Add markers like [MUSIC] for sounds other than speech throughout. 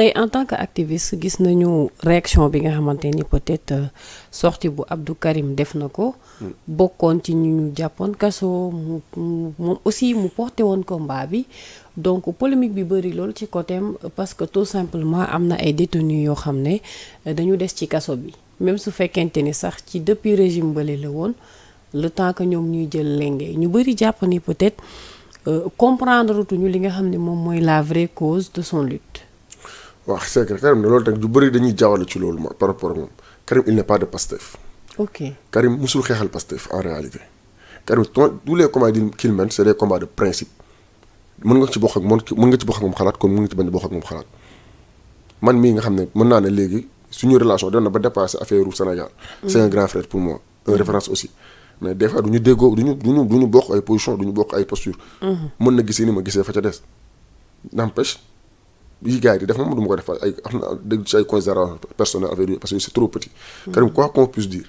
tey en tant que activiste gis nañu réaction bi nga xamante ni peut-être euh, sortie bu Abdou Karim def na ko. Mm. bokkoon ci ñu jàppoon kaso mu moom aussi mu porté woon combat bi donc polémique bi bëri lool ci côtéem parce que tout simplement am na ay détenus yoo xam ne euh, dañu des ci kaso bi même su fekkente ni sax ci depuis régime bële la woon le temps que ñoom ñuy jël lenge ñu bëri jàpp ni peut-être euh, comprendre tuñu li nga xam ne moom mooy la vraie cause de son lutte. waaw secrétaire am na loolu tamit ñu bëri dañuy jaawale ci loolu par rapport ak moom Karim il n'est pas de Pastef. ok Karim musul xeexal Pastef en réalité Karim tous les combats qu'il mène c'est des combats de principe mën nga ci bokk ak moom mën xalaat kon mën nga ci bañ ak moom xalaat man mii nga xam ne mën naa ne léegi suñu relation dem ba dépassé affaire ru Sénégal. c'est un grand frère pour moi une référence aussi. mais des fois déggoo du ñu du ñu du bokk ay position du ñu bokk ay posture mhm. yi gars yi di def moom du ma ko def ay am na dégg ci ay considération personnelle avec lui parce que c'est trop petit. Karim quoi qu'on puisse dire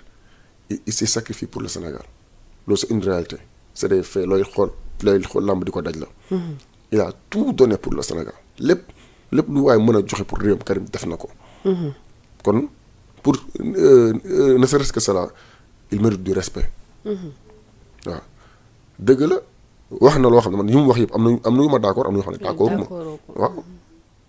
il s'est sacrifié pour le Sénégal loolu c'est une réalité c'est des faits xool looy di ko daj la. Mm-hmm. a tout donné pour le Sénégal lépp lépp lu a joxe pour réewam Karim def na mm-hmm. euh, mm-hmm. wax na loo xam ne man yi mu wax yëpp am na yu ma d'accord am na yoo xam ne d'accord ma waaw.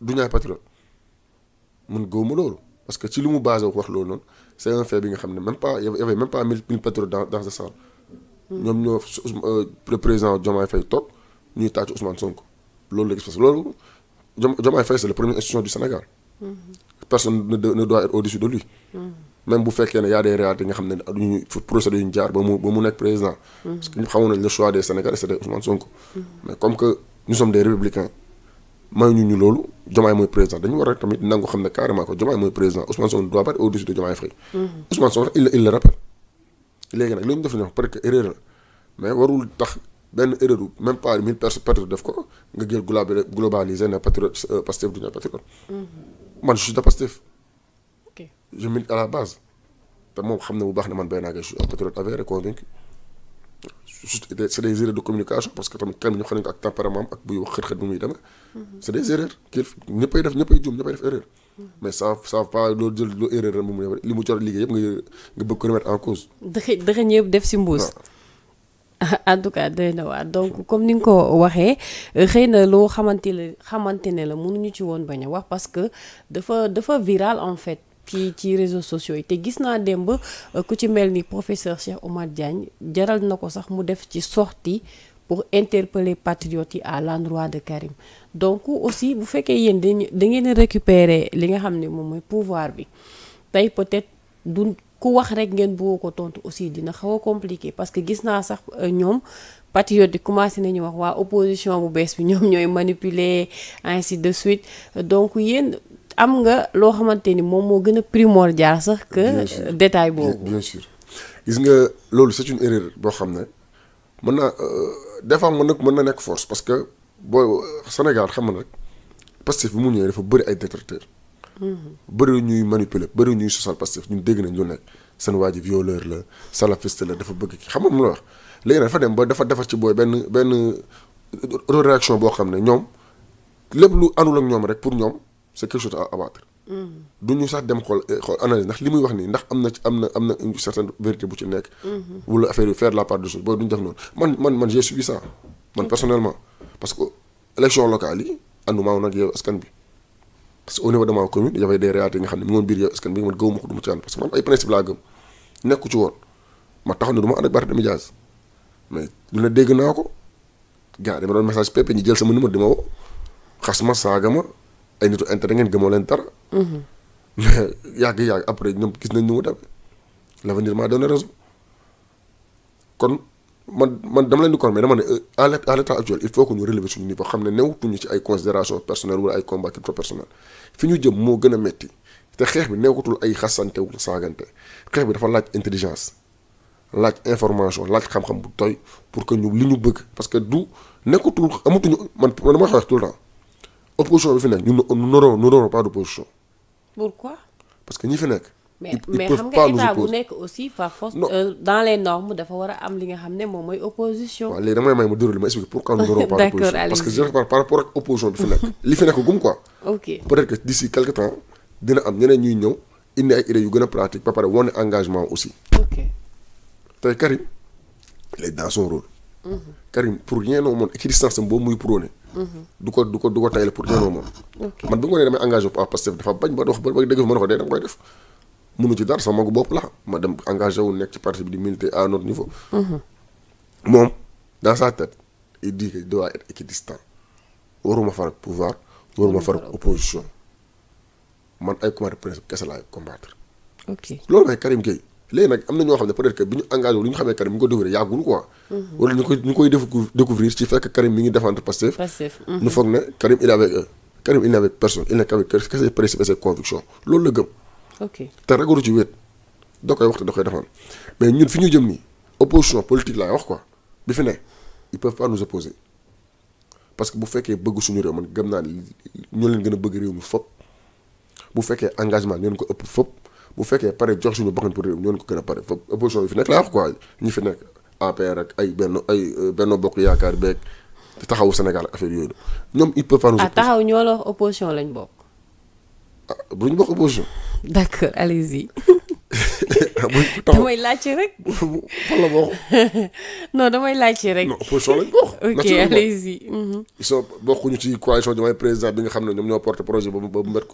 duñu ay patriote mun gëwuma loolu parce que ci li mu basé wax loolu noonu c'est un fait bi nga xam ne même pas y avait même pas mille mille patriotes dans dans ce hmm. ñoom ñoo euh, le président Diomaye Faye toog ñuy tàcc Ousmane Sonko loolu la gis loolu la première institution du Sénégal hmm. personne hmm. bu fekkee ne y a des réalités nga xam ne duñu procédures yuñu jaar ba mu ba mu nekk président parce que ñëpp xamoon nañ le choix des Sénégalais c'était Ousmane Sonko mais comme que nous sommes des républicains mayuñu ñu loolu Diomaye mooy tamit nangu xam ne carrément que Diomaye mooy président mm-hmm. li ñu def ne peut que mais warul tax benn erreur même pas mille personnes patriote def ko nga jël globalisé ne patriote euh, Pastef du ñu patriote. Mm-hmm. man je suis de Pastef. à la base te moom xam na bu baax ne man béy naa je suis un patriote c'est des erreurs de communication parce que tamit terme ñu xam ne ko ak tempérament ak buy wax xër-xër bi muy demee c'est des erreurs kii ñëppay def ñëppay juum ñëppay def erreur mais ça ça moom li mu jot liggéey yëpp nga nga bëgg ko def si mbuus [LAUGHS] en tout cas doy na waa donc comme ni nga ko waxee xëy na loo xamante la xamante ne la mënuñu ci woon bañ a wax parce que dafa dafa viral en fait ci réseau réseaux sociaux yi te gis naa démb euh, ku ci mel ni professeur Cheikh Oumar Diagne jaral na ko sax mu def ci sortie pour interpeller patriotes yi à l'endroit de Karim donc aussi bu fekkee yéen da ngeen récupérer li nga xam ne moom mooy pouvoir bi tey peut-être du ku wax rek ngeen bëggoo ko tontu aussi dina xaw a compliqué parce que gis naa sax euh, ñoom patriotes yi commencé nañu wax waa opposition bu bees bi [LAUGHS] ñoom ñooy manipuler ainsi de suite donc yéen am nga loo xamante ni moom moo gën a primordial sax que détail boobu bien sûr gis nga loolu c'est une erreur boo xam ne mën naa euh, des fois mën nag mën na nekk force parce que boo euh, Sénégal xam na rek Pastef bi mu ñëwee dafa bëri ay détracteurs mhm. bëri ñuy manipuler bëri ñuy sosal Pastef ñun dégg nañ lu nekk seen waa ji violeur la salafiste la dafa bëgg ki xam nga mu léegi nag dafa dem dafa defar ci booy benn benn euh, réaction boo xam ne ñoom lépp lu anul ak ñoom rek pour ñoom c'est quelque chose abattre. Mm. du ñu sax dem xool eh, xool analyse ndax li muy wax nii ndax am na ci am na am na une certaine vérité bu ci nekk. Mm-hmm. wala affaire yi faire la part des choses boobu du ñu def noonu man man man j'ai suivi ça. man mm-hmm. personnellement parce que élection locale yi ànduma woon ak yow askan bi. parce que au niveau ma commune y avait des nga xam ne mi ngoon biir yow askan bi man gëwuma ko du ma ci ànd parce man ay principe laa gëm nekku ci woon ma taxaw ne du ma ànd ma ay nitu intérêt ngeen gëmoo leen dara. Mhm. [LAUGHS] yàgg yàgg après ñoom gis nañ ni mu demee l'avenir m'a man man dama leen di kon mais dama ne euh, à l' faut que ñu relever suñu niveau xam ne newtuñu ci ay considération personnelle wala ay combat trop ñu jëm moo gën a metti te xeex bi nekkatul ay xasante wala saagante xeex bi dafa laaj intelligence laaj information laaj xam bu doy pour que ñu li ñu bëgg parce que du nekkatul amatuñu man man dama tout temps. opposition bi fi nekk ñun nous n'aurons nous n'aurons pas d'opposition. pourquoi. parce que ñi fi nekk. ils mais xam nga état bu nekk aussi par force. Euh, dans les normes dafa war a am li nga xam ne moom mooy opposition. waaw léegi damay may ma déroulé ma expliqué pourquoi nous n'aurons [LAUGHS] pas d'opposition parce que je par rapport ak opposition bi fi nekk. [LAUGHS] li fi nekk gum quoi. ok peut-être que d'ici quelque temps dina am ñeneen ñuy ñëw indi ay idées yu gën a pratique ba pare wane engagement aussi. ok tey Karim il est dans son rôle. Mm-hmm. Karim pour rien au monde existence am boobu muy prôné. du ko du ko du ko tayle pour ñëw moom. man bi nga ko nee damay engagé wu Pastef dafa bañ ba wax ba dëgg fa ma ne ko dee dama def. munu ci dara sama magu bopp la ma dem engagé wu nekk ci parti bi di militer à notre niveau. Mhm. moom dans sa tête il dit que doit être équidistant waruma far ak pouvoir waruma far ak opposition man ay combat de principe kese laay combattre. ok loolu mooy Karim Gueye. léegi nag am na ñoo xam ne peut-être que bi ñu engagé wu ñu xamee Karim mi ngi ko découvrir yàggul quoi. wala ñu koy ñu koy découvrir ci fekk Karim mi ngi défendre Pastef. Pastef mhm. foog ne Karim il est avec eux il n'est avec personne il n'est qu'avec ses loolu la gëm. te ragalu ci wéet da koy wax te da koy defaan mais ñun fi ñu jëm nii opposition politique laay wax quoi bi fi ne ils peuvent pas nous opposer parce que bu fekkee bëgg suñu réew man gëm naa ne ñoo leen gën bëgg réew mi fop bu fekkee engagement ñoo ko ëpp fop bu fekkee pare jox suñu bakkan pour réew ñoo ko gën a pare fa opposition yi fi nekk laa wax quoi ay benn ay euh, benn bokk yaakaar beeg taxawu Sénégal affaire yooyu ñoom il peut pas nous. ah taxaw ñoo la wax opposition lañ bokk. ah bu ñu bokk [LAUGHS] [LAUGHS] damay laajte rek. [LAUGHS] fan la bokk. non damay laajte rek. non opposition lañ bokk. Mhm. président bi nga xam ne ñoom ñoo porté projet boobu ba mu met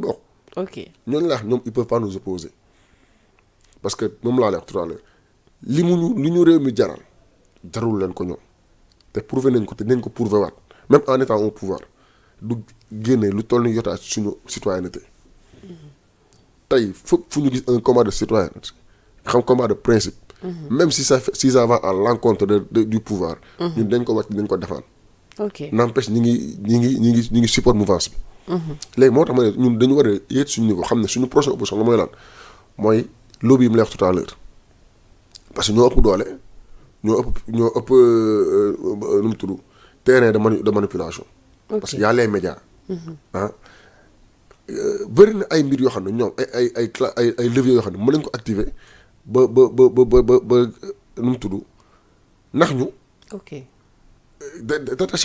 ko ok ñooñu laax ñoom ils peuvent pas nous opposer parce que moom laa lay wax li mu ñu li ñu réew mi jaral jarul leen ko ñoom te prouver nañ ko te nañ ko prouver waat même en étant au pouvoir du génne lu toll ni yotaa suñu citoyenneté tey fépp fu ñu gis un combat de citoyenneté xam combat de principe. Mhm. même si ça si ça va à l'encontre de du pouvoir. Mhm. ñun dañ ko wàcc dañ ko defaan. ok ñi ngi ñi ngi ñi ngi support mouvance bi. léegi moo tax ma ne ñun dañu war a yéeg suñu niveau xam ne suñu projet opposition la mooy lan yi mu lay wax tout à l'heure parce que ñoo ëpp doole ñoo ëpp ñoo ëpp nu mu tudd terrain de manu de manipulation. parce que y a les bëri na ay mbir yoo xam ne ñoom ay ay ay cla ay ay yoo xam ne mën nañ ko activer ba ba ba ba ba ba nu mu tudd ndax ñu. ok da da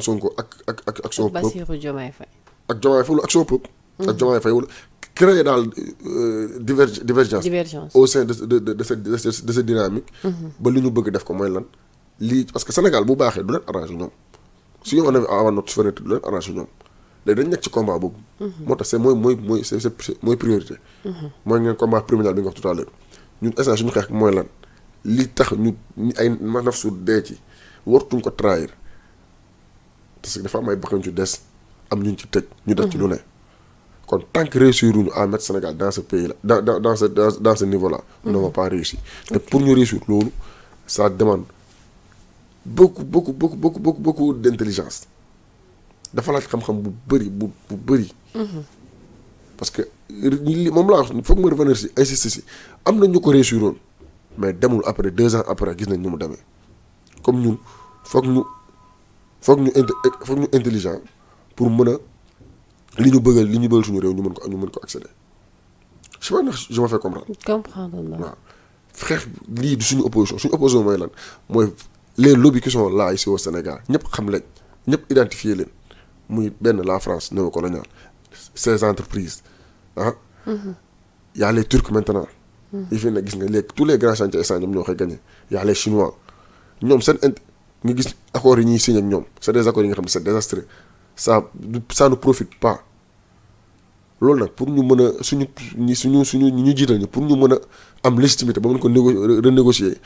Sonko ak ak ak ak. son Bassirou Diomaye ak Diomaye Faye wala action peuple mm-hmm. ak Diomaye daal euh, divergence au sein de de de de cette de cette dynamique mm-hmm. ba li ñu bëgg def ko mooy lan lii parce que Sénégal bu baaxee du leen arrangé ñoom si on avait avant notre souveraineté du leen arrangé ñoom léegi dañ nekk ci combat boobu mm-hmm. moo tax c'est mooy mooy mooy c'est mooy priorité mooy ngeen combat primordial bi nga wax tout à l'heure suñu xeex mooy lan li tax ñu ay manaf su dee ci wartuñ ko trahir parce que dafa am ay bakkan ci des am ñu ci tëj ñu def ci lu mhm. kon tant que réussir ñu Sénégal dans ce pays là dans dans dans ce dans mhm. pour ñu réussir loolu ça demande beaucoup beaucoup beaucoup beaucoup beaucoup beaucoup d'intelligence dafa laaj xam-xam bu bëri bu bu bëri mhm. parce que li moom laa wax foog ma revenir si am na ñu ko réussir mais demul après deux ans après gis nañ ñu mu demee comme ñun foog ñu foog ñu foog ñu intelligent pour mën a li ñu bëggal li ñu bëggal suñu réew ñu mën ko ñu mën ko accéder je sais pas ndax je me lii du suñu opposition suñu opposition mooy lan mooy les lobbies qui sont là ici au Sénégal ñëpp xam leen ñëpp identifier leen muy benn la France néocoloniale ces entreprises ah. Mm-hmm. y a les Turcs maintenant. yi fi nag gis nga léegi tous les grands chantiers instant ñoom ñoo koy gagné y a les chinois ñoom seen int nga gis accords yi ñuy signé ñoom c'est des accords yi nga xam ne c'est désastreux ça ça ne profite pas loolu nag pour ñu mën a suñu suñu suñu ñu jiital ñu pour ñu mën a am légitimité ba mën ko négo renégocier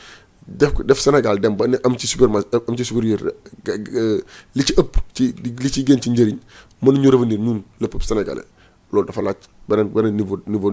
def ko def Sénégal dem ba ne am ci superma am ci supérieur li ci ëpp ci li ci gën ci njëriñ mën ñu revenir ñun le peuple sénégalais loolu dafa laaj beneen beneen niveau niveau.